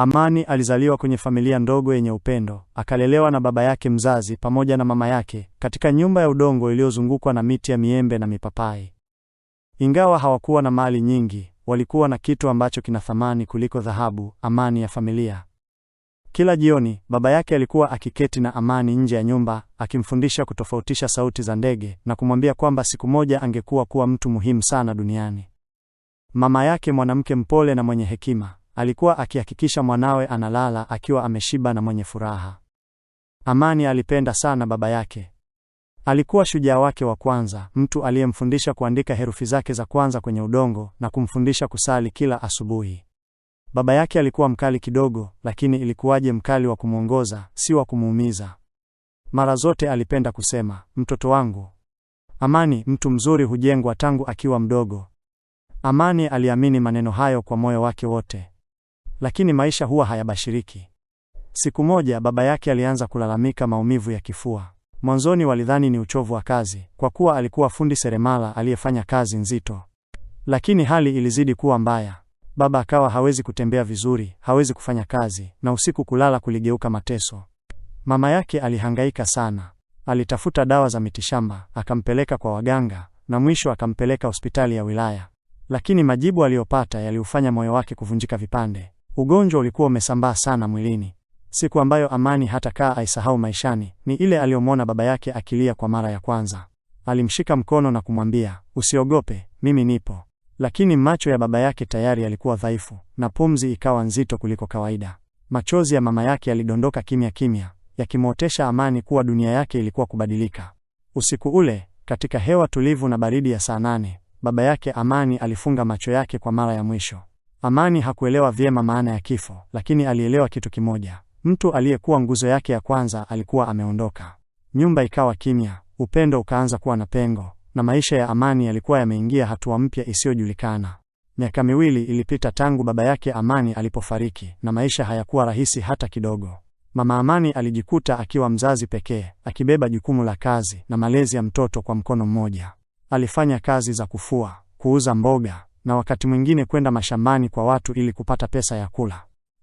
Amani alizaliwa kwenye familia ndogo yenye upendo, akalelewa na baba yake mzazi pamoja na mama yake katika nyumba ya udongo iliyozungukwa na miti ya miembe na mipapai. Ingawa hawakuwa na mali nyingi, walikuwa na kitu ambacho kina thamani kuliko dhahabu, amani ya familia. Kila jioni baba yake alikuwa akiketi na Amani nje ya nyumba, akimfundisha kutofautisha sauti za ndege na kumwambia kwamba siku moja angekuwa kuwa mtu muhimu sana duniani. Mama yake, mwanamke mpole na mwenye hekima alikuwa akihakikisha mwanawe analala akiwa ameshiba na mwenye furaha. Amani alipenda sana baba yake. Alikuwa shujaa wake wa kwanza, mtu aliyemfundisha kuandika herufi zake za kwanza kwenye udongo na kumfundisha kusali kila asubuhi. Baba yake alikuwa mkali kidogo, lakini ilikuwaje mkali wa kumwongoza, si wa kumuumiza. Mara zote alipenda kusema, mtoto wangu Amani, mtu mzuri hujengwa tangu akiwa mdogo. Amani aliamini maneno hayo kwa moyo wake wote lakini maisha huwa hayabashiriki. Siku moja baba yake alianza kulalamika maumivu ya kifua. Mwanzoni walidhani ni uchovu wa kazi, kwa kuwa alikuwa fundi seremala aliyefanya kazi nzito, lakini hali ilizidi kuwa mbaya. Baba akawa hawezi kutembea vizuri, hawezi kufanya kazi, na usiku kulala kuligeuka mateso. Mama yake alihangaika sana, alitafuta dawa za mitishamba, akampeleka kwa waganga na mwisho akampeleka hospitali ya wilaya, lakini majibu aliyopata yaliufanya moyo wake kuvunjika vipande. Ugonjwa ulikuwa umesambaa sana mwilini. Siku ambayo Amani hatakaa aisahau maishani ni ile aliyomwona baba yake akilia kwa mara ya kwanza. Alimshika mkono na kumwambia, usiogope, mimi nipo. Lakini macho ya baba yake tayari yalikuwa dhaifu na pumzi ikawa nzito kuliko kawaida. Machozi ya mama yake yalidondoka kimya kimya, yakimwotesha Amani kuwa dunia yake ilikuwa kubadilika. Usiku ule, katika hewa tulivu na baridi ya saa nane, baba yake Amani alifunga macho yake kwa mara ya mwisho. Amani hakuelewa vyema maana ya kifo, lakini alielewa kitu kimoja: mtu aliyekuwa nguzo yake ya kwanza alikuwa ameondoka. Nyumba ikawa kimya, upendo ukaanza kuwa na pengo, na maisha ya Amani yalikuwa yameingia hatua mpya isiyojulikana. Miaka miwili ilipita tangu baba yake Amani alipofariki, na maisha hayakuwa rahisi hata kidogo. Mama Amani alijikuta akiwa mzazi pekee, akibeba jukumu la kazi na malezi ya mtoto kwa mkono mmoja. Alifanya kazi za kufua, kuuza mboga na wakati mwingine kwenda mashambani kwa watu ili kupata pesa ya kula.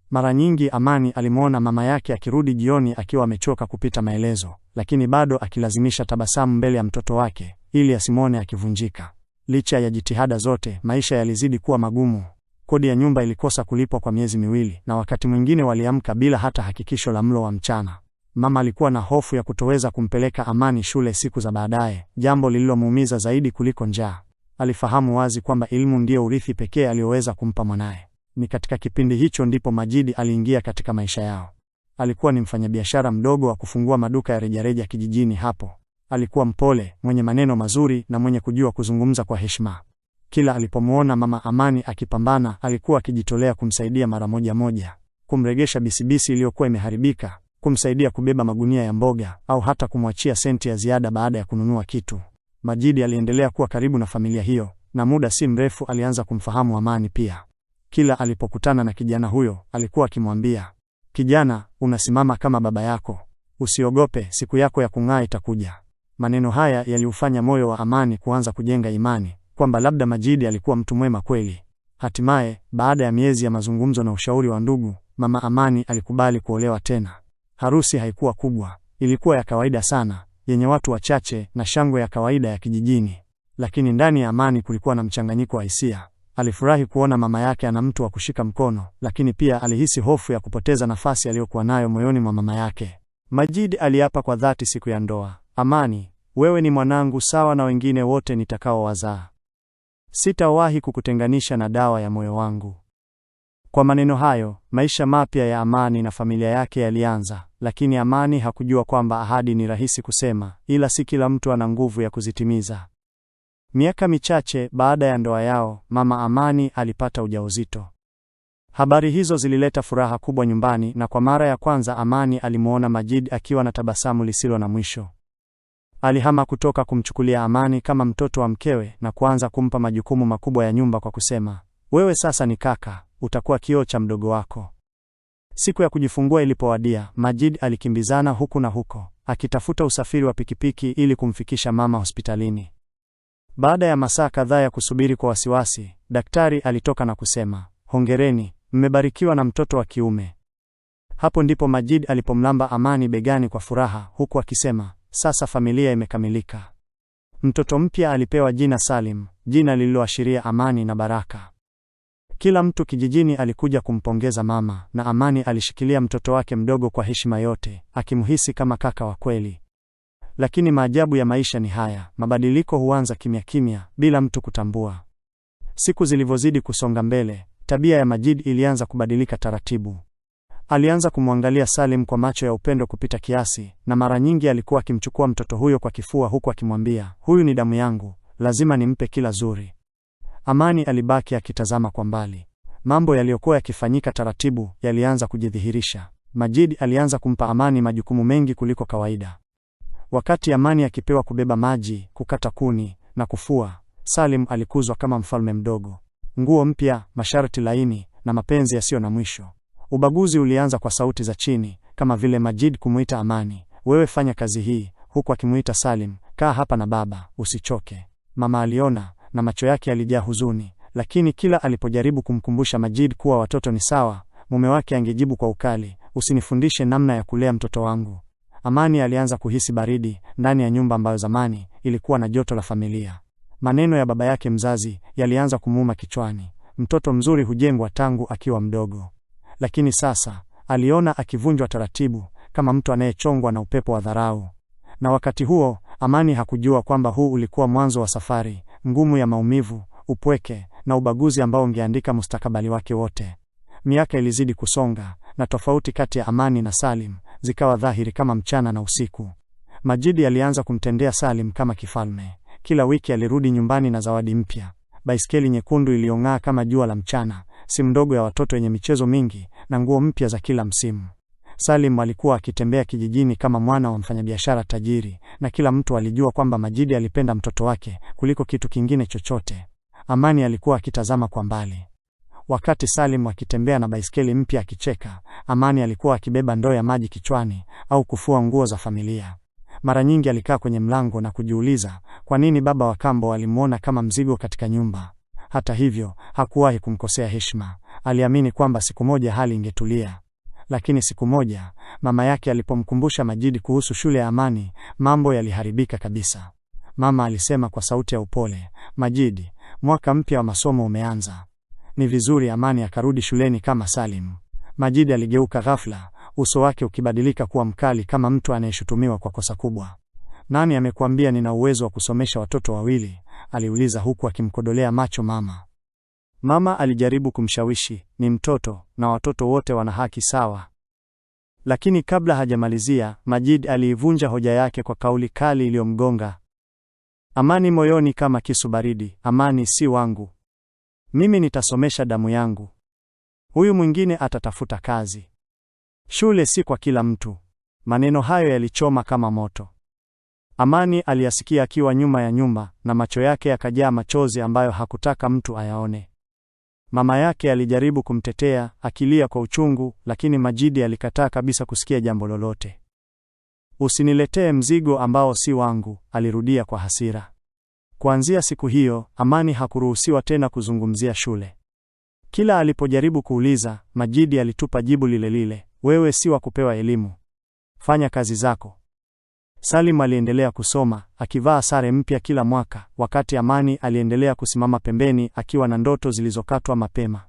Mara nyingi Amani alimwona mama yake akirudi jioni akiwa amechoka kupita maelezo, lakini bado akilazimisha tabasamu mbele ya mtoto wake ili asimwone akivunjika. Licha ya jitihada zote, maisha yalizidi kuwa magumu. Kodi ya nyumba ilikosa kulipwa kwa miezi miwili, na wakati mwingine waliamka bila hata hakikisho la mlo wa mchana. Mama alikuwa na hofu ya kutoweza kumpeleka Amani shule siku za baadaye, jambo lililomuumiza zaidi kuliko njaa alifahamu wazi kwamba elimu ndiyo urithi pekee aliyoweza kumpa mwanaye. Ni katika kipindi hicho ndipo Majidi aliingia katika maisha yao. Alikuwa ni mfanyabiashara mdogo wa kufungua maduka ya rejareja kijijini hapo. Alikuwa mpole, mwenye maneno mazuri na mwenye kujua kuzungumza kwa heshima. Kila alipomwona Mama Amani akipambana, alikuwa akijitolea kumsaidia mara moja moja, kumregesha bisibisi iliyokuwa imeharibika, kumsaidia kubeba magunia ya mboga au hata kumwachia senti ya ziada baada ya kununua kitu. Majidi aliendelea kuwa karibu na familia hiyo na muda si mrefu alianza kumfahamu Amani pia. Kila alipokutana na kijana huyo alikuwa akimwambia, kijana, unasimama kama baba yako, usiogope, siku yako ya kung'aa itakuja. Maneno haya yaliufanya moyo wa Amani kuanza kujenga imani kwamba labda Majidi alikuwa mtu mwema kweli. Hatimaye, baada ya miezi ya mazungumzo na ushauri wa ndugu, mama Amani alikubali kuolewa tena. Harusi haikuwa kubwa, ilikuwa ya kawaida sana, yenye watu wachache na shangwe ya kawaida ya kijijini, lakini ndani ya Amani kulikuwa na mchanganyiko wa hisia. Alifurahi kuona mama yake ana mtu wa kushika mkono, lakini pia alihisi hofu ya kupoteza nafasi aliyokuwa nayo moyoni mwa mama yake. Majid aliapa kwa dhati siku ya ndoa, Amani, wewe ni mwanangu sawa na wengine wote nitakaowazaa. Sitawahi kukutenganisha na dawa ya moyo wangu. Kwa maneno hayo, maisha mapya ya Amani na familia yake yalianza lakini Amani hakujua kwamba ahadi ni rahisi kusema, ila si kila mtu ana nguvu ya kuzitimiza. Miaka michache baada ya ndoa yao, mama Amani alipata ujauzito. Habari hizo zilileta furaha kubwa nyumbani, na kwa mara ya kwanza Amani alimuona Majid akiwa na tabasamu lisilo na mwisho. Alihama kutoka kumchukulia Amani kama mtoto wa mkewe na kuanza kumpa majukumu makubwa ya nyumba kwa kusema, wewe sasa ni kaka, utakuwa kioo cha mdogo wako. Siku ya kujifungua ilipowadia, Majid alikimbizana huku na huko akitafuta usafiri wa pikipiki ili kumfikisha mama hospitalini. Baada ya masaa kadhaa ya kusubiri kwa wasiwasi, daktari alitoka na kusema, hongereni, mmebarikiwa na mtoto wa kiume. Hapo ndipo Majid alipomlamba Amani begani kwa furaha, huku akisema, sasa familia imekamilika. Mtoto mpya alipewa jina Salim, jina lililoashiria amani na baraka. Kila mtu kijijini alikuja kumpongeza mama, na Amani alishikilia mtoto wake mdogo kwa heshima yote, akimhisi kama kaka wa kweli. Lakini maajabu ya maisha ni haya, mabadiliko huanza kimya kimya, bila mtu kutambua. Siku zilivyozidi kusonga mbele, tabia ya Majid ilianza kubadilika taratibu. Alianza kumwangalia Salim kwa macho ya upendo kupita kiasi, na mara nyingi alikuwa akimchukua mtoto huyo kwa kifua, huku akimwambia, huyu ni damu yangu, lazima nimpe kila zuri. Amani alibaki akitazama kwa mbali. Mambo yaliyokuwa yakifanyika taratibu yalianza kujidhihirisha. Majid alianza kumpa Amani majukumu mengi kuliko kawaida. Wakati Amani akipewa kubeba maji, kukata kuni na kufua, Salim alikuzwa kama mfalme mdogo. Nguo mpya, masharti laini na mapenzi yasiyo na mwisho. Ubaguzi ulianza kwa sauti za chini, kama vile Majid kumuita Amani, wewe fanya kazi hii, huku akimuita Salim, kaa hapa na baba, usichoke. Mama aliona na macho yake yalijaa huzuni, lakini kila alipojaribu kumkumbusha Majid kuwa watoto ni sawa, mume wake angejibu kwa ukali, usinifundishe namna ya kulea mtoto wangu. Amani alianza kuhisi baridi ndani ya nyumba ambayo zamani ilikuwa na joto la familia. Maneno ya baba yake mzazi yalianza kumuuma kichwani. Mtoto mzuri hujengwa tangu akiwa mdogo, lakini sasa aliona akivunjwa taratibu kama mtu anayechongwa na upepo wa dharau. Na wakati huo Amani hakujua kwamba huu ulikuwa mwanzo wa safari ngumu ya maumivu, upweke na ubaguzi ambao ungeandika mustakabali wake wote. Miaka ilizidi kusonga na tofauti kati ya Amani na Salim zikawa dhahiri kama mchana na usiku. Majidi alianza kumtendea Salim kama kifalme. Kila wiki alirudi nyumbani na zawadi mpya, baiskeli nyekundu iliyong'aa kama jua la mchana, simu ndogo ya watoto yenye michezo mingi na nguo mpya za kila msimu. Salim alikuwa akitembea kijijini kama mwana wa mfanyabiashara tajiri, na kila mtu alijua kwamba Majidi alipenda mtoto wake kuliko kitu kingine chochote. Amani alikuwa akitazama kwa mbali wakati Salim akitembea na baiskeli mpya akicheka. Amani alikuwa akibeba ndoo ya maji kichwani au kufua nguo za familia. Mara nyingi alikaa kwenye mlango na kujiuliza kwa nini baba wa kambo alimwona kama mzigo katika nyumba. Hata hivyo hakuwahi kumkosea heshima, aliamini kwamba siku moja hali ingetulia. Lakini siku moja mama yake alipomkumbusha Majidi kuhusu shule ya Amani, mambo yaliharibika kabisa. Mama alisema kwa sauti ya upole, Majidi, mwaka mpya wa masomo umeanza, ni vizuri Amani akarudi shuleni kama Salim. Majidi aligeuka ghafla, uso wake ukibadilika kuwa mkali kama mtu anayeshutumiwa kwa kosa kubwa. Nani amekuambia nina uwezo wa kusomesha watoto wawili? aliuliza huku akimkodolea macho mama. Mama alijaribu kumshawishi, ni mtoto na watoto wote wana haki sawa. Lakini kabla hajamalizia, Majid aliivunja hoja yake kwa kauli kali iliyomgonga. Amani moyoni kama kisu baridi, amani si wangu. Mimi nitasomesha damu yangu. Huyu mwingine atatafuta kazi. Shule si kwa kila mtu. Maneno hayo yalichoma kama moto. Amani aliyasikia akiwa nyuma ya nyumba na macho yake yakajaa machozi ambayo hakutaka mtu ayaone. Mama yake alijaribu kumtetea akilia kwa uchungu, lakini Majidi alikataa kabisa kusikia jambo lolote. Usiniletee mzigo ambao si wangu, alirudia kwa hasira. Kuanzia siku hiyo, Amani hakuruhusiwa tena kuzungumzia shule. Kila alipojaribu kuuliza, Majidi alitupa jibu lile lile, wewe si wa kupewa elimu, fanya kazi zako. Salim aliendelea kusoma, akivaa sare mpya kila mwaka, wakati Amani aliendelea kusimama pembeni akiwa na ndoto zilizokatwa mapema.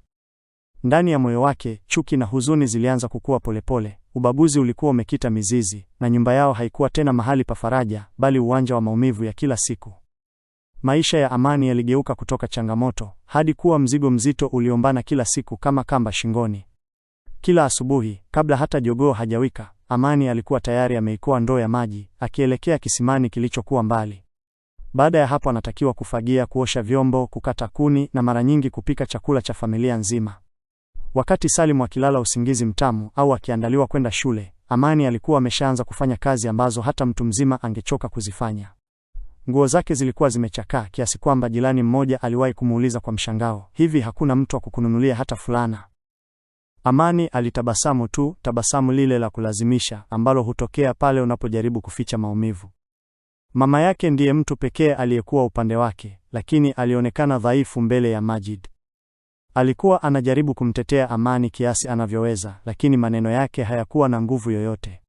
Ndani ya moyo wake, chuki na huzuni zilianza kukua polepole. Ubaguzi ulikuwa umekita mizizi, na nyumba yao haikuwa tena mahali pa faraja, bali uwanja wa maumivu ya kila siku. Maisha ya Amani yaligeuka kutoka changamoto hadi kuwa mzigo mzito uliombana kila siku kama kamba shingoni. Kila asubuhi, kabla hata jogoo hajawika, Amani alikuwa tayari ameikoa ndoo ya maji akielekea kisimani kilichokuwa mbali. Baada ya hapo, anatakiwa kufagia, kuosha vyombo, kukata kuni na mara nyingi kupika chakula cha familia nzima. Wakati Salimu akilala usingizi mtamu au akiandaliwa kwenda shule, Amani alikuwa ameshaanza kufanya kazi ambazo hata mtu mzima angechoka kuzifanya. Nguo zake zilikuwa zimechakaa kiasi kwamba jirani mmoja aliwahi kumuuliza kwa mshangao, hivi hakuna mtu wa kukununulia hata fulana? Amani alitabasamu tu, tabasamu lile la kulazimisha ambalo hutokea pale unapojaribu kuficha maumivu. Mama yake ndiye mtu pekee aliyekuwa upande wake, lakini alionekana dhaifu mbele ya Majid. Alikuwa anajaribu kumtetea Amani kiasi anavyoweza, lakini maneno yake hayakuwa na nguvu yoyote.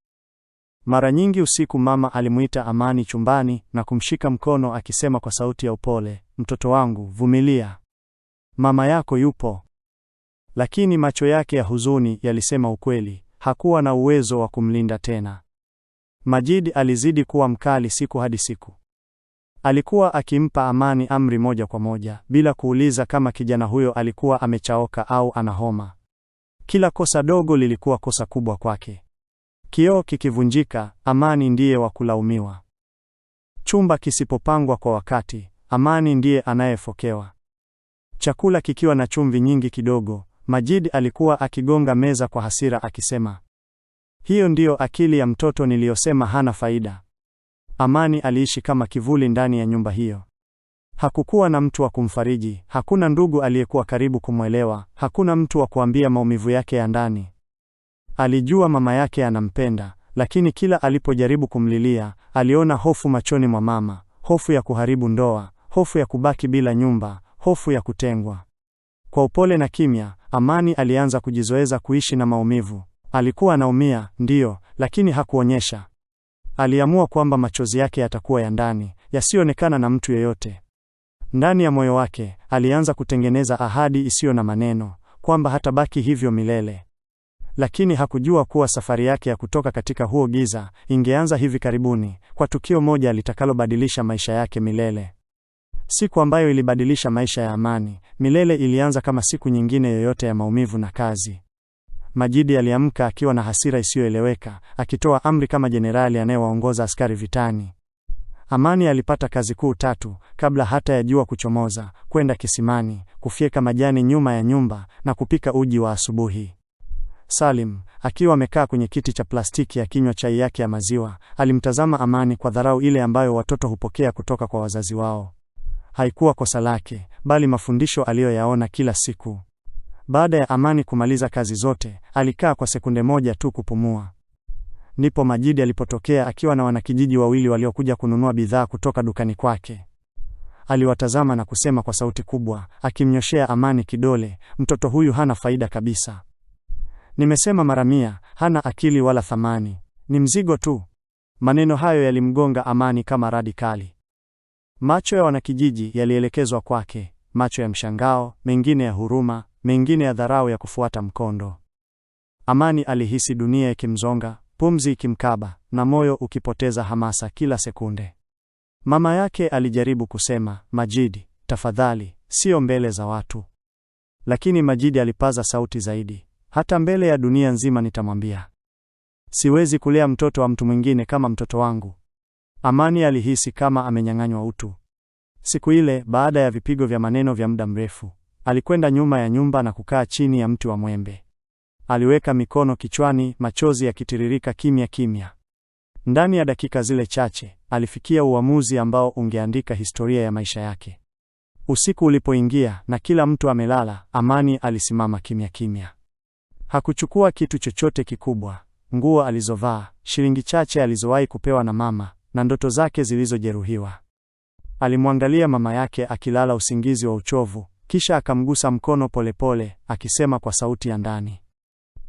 Mara nyingi usiku mama alimuita Amani chumbani na kumshika mkono akisema kwa sauti ya upole, mtoto wangu, vumilia, mama yako yupo lakini macho yake ya huzuni yalisema ukweli, hakuwa na uwezo wa kumlinda tena. Majid alizidi kuwa mkali siku hadi siku. Alikuwa akimpa Amani amri moja kwa moja, bila kuuliza kama kijana huyo alikuwa amechaoka au ana homa. Kila kosa dogo lilikuwa kosa kubwa kwake. Kioo kikivunjika, Amani ndiye wa kulaumiwa. Chumba kisipopangwa kwa wakati, Amani ndiye anayefokewa. Chakula kikiwa na chumvi nyingi kidogo, Majid alikuwa akigonga meza kwa hasira akisema, hiyo ndiyo akili ya mtoto niliyosema hana faida. Amani aliishi kama kivuli ndani ya nyumba hiyo. Hakukuwa na mtu wa kumfariji, hakuna ndugu aliyekuwa karibu kumwelewa, hakuna mtu wa kuambia maumivu yake ya ndani. Alijua mama yake anampenda, lakini kila alipojaribu kumlilia, aliona hofu machoni mwa mama, hofu ya kuharibu ndoa, hofu ya kubaki bila nyumba, hofu ya kutengwa. Kwa upole na kimya, Amani alianza kujizoeza kuishi na maumivu. Alikuwa anaumia, ndiyo, lakini hakuonyesha. Aliamua kwamba machozi yake yatakuwa ya ndani, yasionekana na mtu yeyote. Ndani ya moyo wake alianza kutengeneza ahadi isiyo na maneno, kwamba hatabaki hivyo milele. Lakini hakujua kuwa safari yake ya kutoka katika huo giza ingeanza hivi karibuni, kwa tukio moja litakalobadilisha maisha yake milele. Siku ambayo ilibadilisha maisha ya Amani milele ilianza kama siku nyingine yoyote ya maumivu na kazi. Majidi aliamka akiwa na hasira isiyoeleweka, akitoa amri kama jenerali anayewaongoza askari vitani. Amani alipata kazi kuu tatu kabla hata ya jua kuchomoza: kwenda kisimani, kufyeka majani nyuma ya nyumba na kupika uji wa asubuhi. Salim akiwa amekaa kwenye kiti cha plastiki akinywa ya chai yake ya maziwa, alimtazama Amani kwa dharau ile ambayo watoto hupokea kutoka kwa wazazi wao haikuwa kosa lake, bali mafundisho aliyoyaona kila siku. Baada ya Amani kumaliza kazi zote, alikaa kwa sekunde moja tu kupumua. Ndipo Majidi alipotokea akiwa na wanakijiji wawili waliokuja kununua bidhaa kutoka dukani kwake. Aliwatazama na kusema kwa sauti kubwa, akimnyoshea Amani kidole, mtoto huyu hana faida kabisa. Nimesema mara mia, hana akili wala thamani, ni mzigo tu. Maneno hayo yalimgonga Amani kama radi kali. Macho ya wanakijiji yalielekezwa kwake, macho ya mshangao, mengine ya huruma, mengine ya dharau ya kufuata mkondo. Amani alihisi dunia ikimzonga, pumzi ikimkaba, na moyo ukipoteza hamasa kila sekunde. Mama yake alijaribu kusema, Majidi, tafadhali, sio mbele za watu. Lakini Majidi alipaza sauti zaidi, hata mbele ya dunia nzima nitamwambia. Siwezi kulea mtoto wa mtu mwingine kama mtoto wangu, Amani alihisi kama amenyang'anywa utu. Siku ile, baada ya vipigo vya maneno vya muda mrefu, alikwenda nyuma ya nyumba na kukaa chini ya mti wa mwembe. Aliweka mikono kichwani, machozi yakitiririka kimya kimya. Ndani ya dakika zile chache, alifikia uamuzi ambao ungeandika historia ya maisha yake. Usiku ulipoingia na kila mtu amelala, Amani alisimama kimya kimya. Hakuchukua kitu chochote kikubwa, nguo alizovaa, shilingi chache alizowahi kupewa na mama, na ndoto zake zilizojeruhiwa. Alimwangalia mama yake akilala usingizi wa uchovu, kisha akamgusa mkono polepole pole, akisema kwa sauti ya ndani,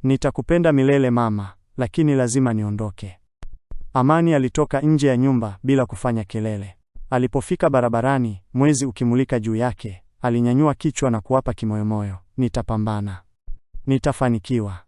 nitakupenda milele mama, lakini lazima niondoke. Amani alitoka nje ya nyumba bila kufanya kelele. Alipofika barabarani, mwezi ukimulika juu yake, alinyanyua kichwa na kuwapa kimoyomoyo, nitapambana, nitafanikiwa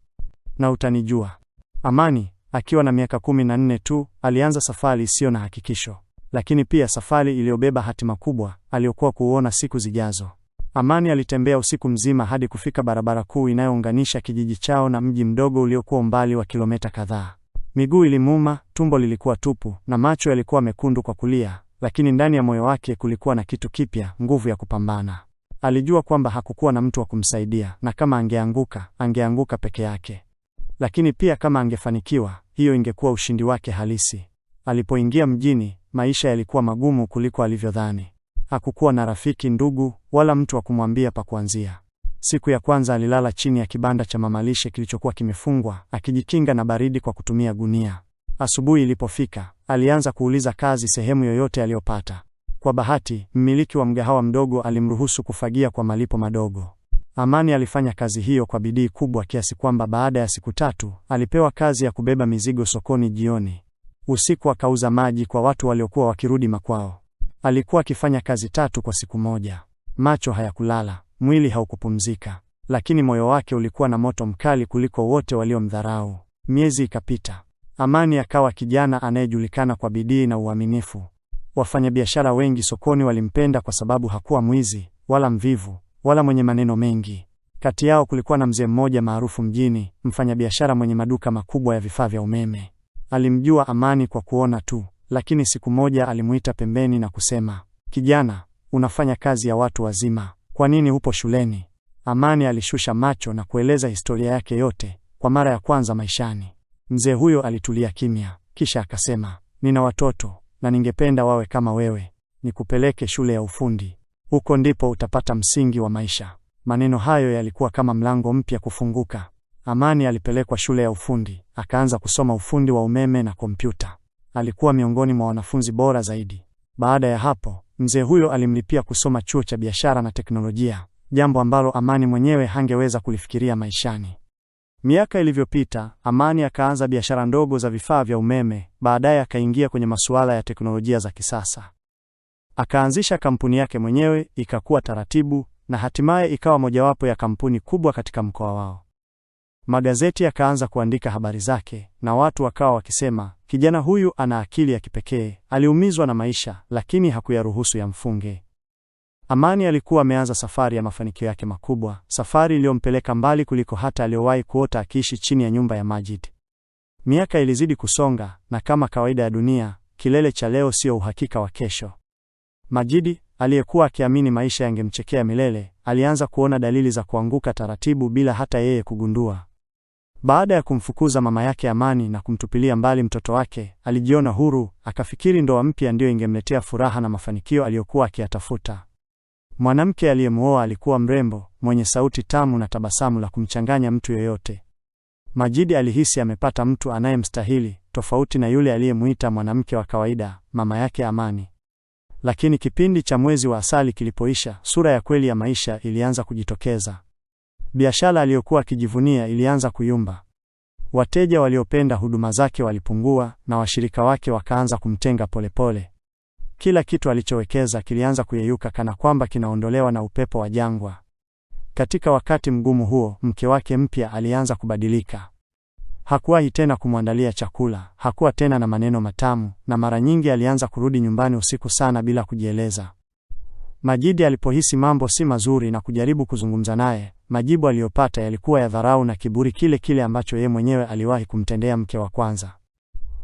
na utanijua. Amani Akiwa na miaka kumi na nne tu alianza safari isiyo na hakikisho, lakini pia safari iliyobeba hatima kubwa aliyokuwa kuuona siku zijazo. Amani alitembea usiku mzima hadi kufika barabara kuu inayounganisha kijiji chao na mji mdogo uliokuwa umbali wa kilomita kadhaa. Miguu ilimuuma, tumbo lilikuwa tupu na macho yalikuwa mekundu kwa kulia, lakini ndani ya moyo wake kulikuwa na kitu kipya, nguvu ya kupambana. Alijua kwamba hakukuwa na mtu wa kumsaidia, na kama angeanguka, angeanguka peke yake. Lakini pia kama angefanikiwa, hiyo ingekuwa ushindi wake halisi. Alipoingia mjini, maisha yalikuwa magumu kuliko alivyodhani. Hakukuwa na rafiki, ndugu, wala mtu wa kumwambia pa kuanzia. Siku ya kwanza alilala chini ya kibanda cha mamalishe kilichokuwa kimefungwa, akijikinga na baridi kwa kutumia gunia. Asubuhi ilipofika, alianza kuuliza kazi sehemu yoyote aliyopata. Kwa bahati, mmiliki wa mgahawa mdogo alimruhusu kufagia kwa malipo madogo. Amani alifanya kazi hiyo kwa bidii kubwa kiasi kwamba baada ya siku tatu alipewa kazi ya kubeba mizigo sokoni jioni. Usiku akauza maji kwa watu waliokuwa wakirudi makwao. Alikuwa akifanya kazi tatu kwa siku moja. Macho hayakulala, mwili haukupumzika, lakini moyo wake ulikuwa na moto mkali kuliko wote waliomdharau. Miezi ikapita. Amani akawa kijana anayejulikana kwa bidii na uaminifu. Wafanyabiashara wengi sokoni walimpenda kwa sababu hakuwa mwizi wala mvivu, wala mwenye maneno mengi. Kati yao kulikuwa na mzee mmoja maarufu mjini, mfanyabiashara mwenye maduka makubwa ya vifaa vya umeme. Alimjua Amani kwa kuona tu, lakini siku moja alimuita pembeni na kusema, kijana, unafanya kazi ya watu wazima, kwa nini upo shuleni? Amani alishusha macho na kueleza historia yake yote kwa mara ya kwanza maishani. Mzee huyo alitulia kimya, kisha akasema, nina watoto na ningependa wawe kama wewe, nikupeleke shule ya ufundi huko ndipo utapata msingi wa maisha. Maneno hayo yalikuwa kama mlango mpya kufunguka. Amani alipelekwa shule ya ufundi, akaanza kusoma ufundi wa umeme na kompyuta. Alikuwa miongoni mwa wanafunzi bora zaidi. Baada ya hapo, mzee huyo alimlipia kusoma chuo cha biashara na teknolojia, jambo ambalo Amani mwenyewe hangeweza kulifikiria maishani. Miaka ilivyopita, Amani akaanza biashara ndogo za vifaa vya umeme, baadaye akaingia kwenye masuala ya teknolojia za kisasa. Akaanzisha kampuni yake mwenyewe, ikakuwa taratibu na hatimaye ikawa mojawapo ya kampuni kubwa katika mkoa wao. Magazeti yakaanza kuandika habari zake na watu wakawa wakisema, kijana huyu ana akili ya kipekee, aliumizwa na maisha lakini hakuyaruhusu yamfunge. Amani alikuwa ameanza safari ya mafanikio yake makubwa, safari iliyompeleka mbali kuliko hata aliyowahi kuota akiishi chini ya nyumba ya Majid. Miaka ilizidi kusonga na kama kawaida ya dunia, kilele cha leo sio uhakika wa kesho. Majidi aliyekuwa akiamini maisha yangemchekea milele, alianza kuona dalili za kuanguka taratibu bila hata yeye kugundua. Baada ya kumfukuza mama yake Amani na kumtupilia mbali mtoto wake, alijiona huru, akafikiri ndoa mpya ndiyo ingemletea furaha na mafanikio aliyokuwa akiyatafuta. Mwanamke aliyemwoa alikuwa mrembo, mwenye sauti tamu na tabasamu la kumchanganya mtu yoyote. Majidi alihisi amepata mtu anayemstahili, tofauti na yule aliyemuita mwanamke wa kawaida, mama yake Amani. Lakini kipindi cha mwezi wa asali kilipoisha, sura ya kweli ya maisha ilianza kujitokeza. Biashara aliyokuwa akijivunia ilianza kuyumba. Wateja waliopenda huduma zake walipungua na washirika wake wakaanza kumtenga polepole pole. Kila kitu alichowekeza kilianza kuyeyuka kana kwamba kinaondolewa na upepo wa jangwa. Katika wakati mgumu huo, mke wake mpya alianza kubadilika. Hakuwahi tena kumwandalia chakula, hakuwa tena na maneno matamu, na mara nyingi alianza kurudi nyumbani usiku sana bila kujieleza. Majidi alipohisi mambo si mazuri na kujaribu kuzungumza naye, majibu aliyopata yalikuwa ya dharau na kiburi, kile kile ambacho yeye mwenyewe aliwahi kumtendea mke wa kwanza.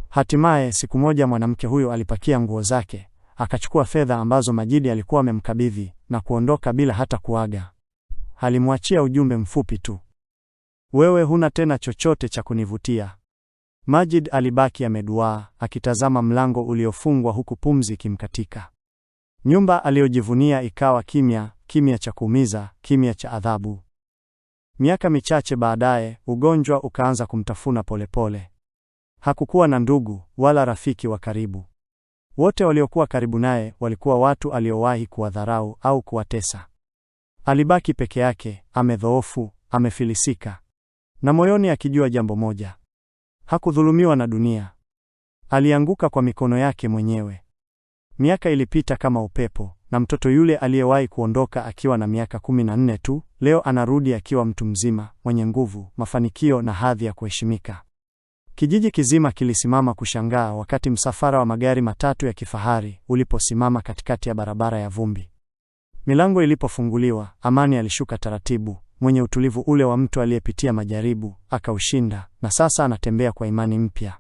Hatimaye siku moja mwanamke huyo alipakia nguo zake, akachukua fedha ambazo Majidi alikuwa amemkabidhi na kuondoka bila hata kuaga. Alimwachia ujumbe mfupi tu: wewe huna tena chochote cha kunivutia. Majid alibaki ameduaa akitazama mlango uliofungwa huku pumzi ikimkatika. Nyumba aliyojivunia ikawa kimya, kimya cha kuumiza, kimya cha adhabu. Miaka michache baadaye, ugonjwa ukaanza kumtafuna polepole. Hakukuwa na ndugu wala rafiki wa karibu. Wote waliokuwa karibu naye walikuwa watu aliowahi kuwadharau au kuwatesa. Alibaki peke yake, amedhoofu, amefilisika na moyoni akijua jambo moja: hakudhulumiwa na dunia, alianguka kwa mikono yake mwenyewe. Miaka ilipita kama upepo, na mtoto yule aliyewahi kuondoka akiwa na miaka kumi na nne tu leo anarudi akiwa mtu mzima mwenye nguvu, mafanikio na hadhi ya kuheshimika. Kijiji kizima kilisimama kushangaa wakati msafara wa magari matatu ya kifahari uliposimama katikati ya barabara ya vumbi. Milango ilipofunguliwa, Amani alishuka taratibu, mwenye utulivu ule wa mtu aliyepitia majaribu akaushinda, na sasa anatembea kwa imani mpya.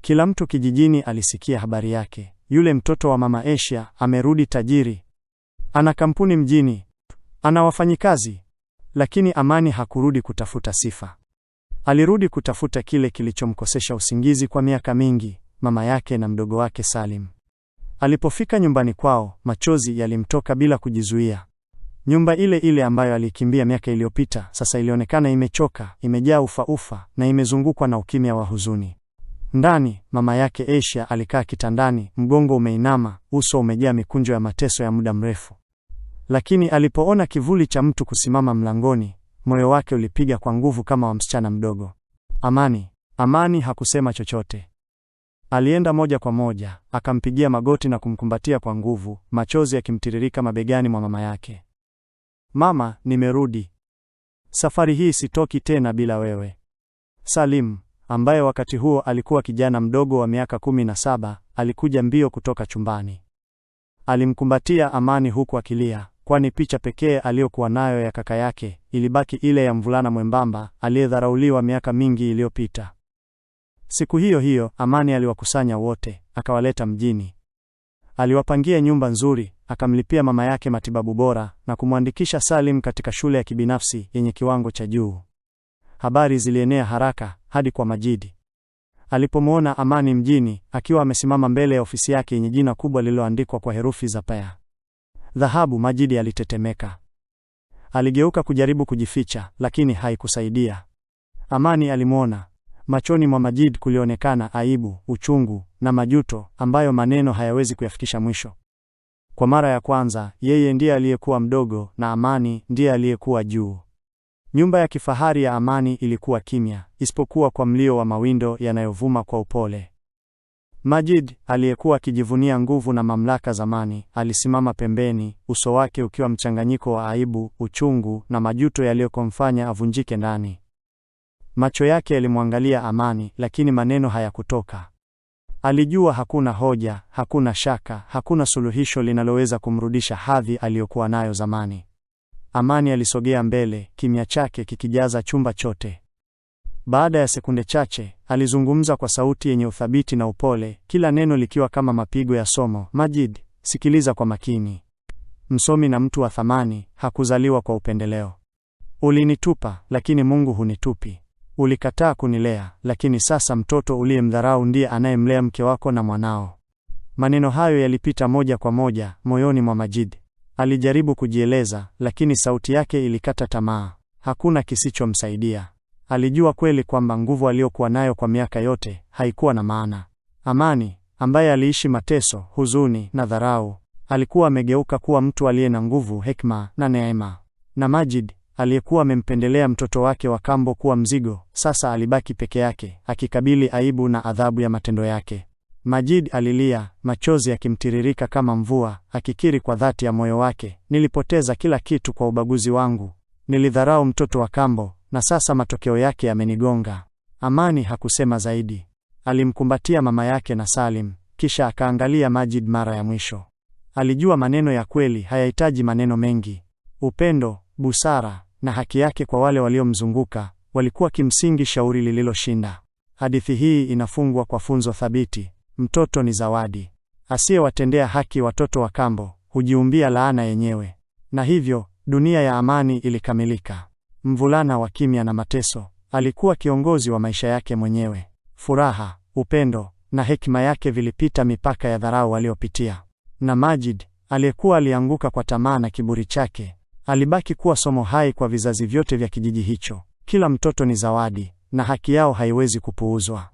Kila mtu kijijini alisikia habari yake. Yule mtoto wa mama Asia amerudi tajiri, ana kampuni mjini, ana wafanyikazi. Lakini Amani hakurudi kutafuta sifa, alirudi kutafuta kile kilichomkosesha usingizi kwa miaka mingi, mama yake na mdogo wake Salim. Alipofika nyumbani kwao, machozi yalimtoka bila kujizuia. Nyumba ile ile ambayo alikimbia miaka iliyopita sasa ilionekana imechoka, imejaa ufa-ufa na imezungukwa na ukimya wa huzuni. Ndani, mama yake Asia alikaa kitandani, mgongo umeinama, uso umejaa mikunjo ya mateso ya muda mrefu. Lakini alipoona kivuli cha mtu kusimama mlangoni, moyo wake ulipiga kwa nguvu kama wa msichana mdogo. Amani, Amani hakusema chochote. Alienda moja kwa moja, akampigia magoti na kumkumbatia kwa nguvu, machozi yakimtiririka mabegani mwa mama yake. Mama, nimerudi. Safari hii sitoki tena bila wewe. Salim, ambaye wakati huo alikuwa kijana mdogo wa miaka kumi na saba, alikuja mbio kutoka chumbani. Alimkumbatia Amani huku akilia, kwani picha pekee aliyokuwa nayo ya kaka yake ilibaki ile ya mvulana mwembamba aliyedharauliwa miaka mingi iliyopita. Siku hiyo hiyo Amani aliwakusanya wote, akawaleta mjini Aliwapangia nyumba nzuri, akamlipia mama yake matibabu bora na kumwandikisha Salim katika shule ya kibinafsi yenye kiwango cha juu. Habari zilienea haraka hadi kwa Majidi. Alipomwona Amani mjini akiwa amesimama mbele ya ofisi yake yenye jina kubwa lililoandikwa kwa herufi za pea dhahabu, Majidi alitetemeka. Aligeuka kujaribu kujificha, lakini haikusaidia. Amani alimwona. Machoni mwa Majid kulionekana aibu, uchungu na majuto ambayo maneno hayawezi kuyafikisha mwisho. Kwa mara ya kwanza, yeye ndiye aliyekuwa mdogo na Amani ndiye aliyekuwa juu. Nyumba ya kifahari ya Amani ilikuwa kimya, isipokuwa kwa mlio wa mawindo yanayovuma kwa upole. Majid aliyekuwa akijivunia nguvu na mamlaka zamani, alisimama pembeni, uso wake ukiwa mchanganyiko wa aibu, uchungu na majuto yaliyokomfanya avunjike ndani. Macho yake yalimwangalia Amani, lakini maneno hayakutoka. Alijua hakuna hoja, hakuna shaka, hakuna suluhisho linaloweza kumrudisha hadhi aliyokuwa nayo zamani. Amani alisogea mbele, kimya chake kikijaza chumba chote. Baada ya sekunde chache, alizungumza kwa sauti yenye uthabiti na upole, kila neno likiwa kama mapigo ya somo. Majid, sikiliza kwa makini. Msomi na mtu wa thamani hakuzaliwa kwa upendeleo. Ulinitupa, lakini Mungu hunitupi. Ulikataa kunilea, lakini sasa mtoto uliyemdharau ndiye anayemlea mke wako na mwanao. Maneno hayo yalipita moja kwa moja moyoni mwa Majid. Alijaribu kujieleza, lakini sauti yake ilikata tamaa. Hakuna kisichomsaidia. Alijua kweli kwamba nguvu aliyokuwa nayo kwa miaka yote haikuwa na maana. Amani, ambaye aliishi mateso, huzuni na dharau, alikuwa amegeuka kuwa mtu aliye na nguvu, hekima na neema. Na Majid aliyekuwa amempendelea mtoto wake wa kambo kuwa mzigo, sasa alibaki peke yake akikabili aibu na adhabu ya matendo yake. Majid alilia, machozi yakimtiririka kama mvua, akikiri kwa dhati ya moyo wake, nilipoteza kila kitu kwa ubaguzi wangu, nilidharau mtoto wa kambo na sasa matokeo yake yamenigonga. Amani hakusema zaidi, alimkumbatia mama yake na Salim, kisha akaangalia Majid mara ya mwisho. Alijua maneno ya kweli hayahitaji maneno mengi, upendo busara na haki yake kwa wale waliomzunguka walikuwa kimsingi shauri lililoshinda. Hadithi hii inafungwa kwa funzo thabiti: mtoto ni zawadi. Asiyewatendea haki watoto wa kambo hujiumbia laana yenyewe. Na hivyo dunia ya amani ilikamilika. Mvulana wa kimya na mateso alikuwa kiongozi wa maisha yake mwenyewe. Furaha, upendo na hekima yake vilipita mipaka ya dharau waliopitia Na Majid aliyekuwa alianguka kwa tamaa na kiburi chake alibaki kuwa somo hai kwa vizazi vyote vya kijiji hicho. Kila mtoto ni zawadi na haki yao haiwezi kupuuzwa.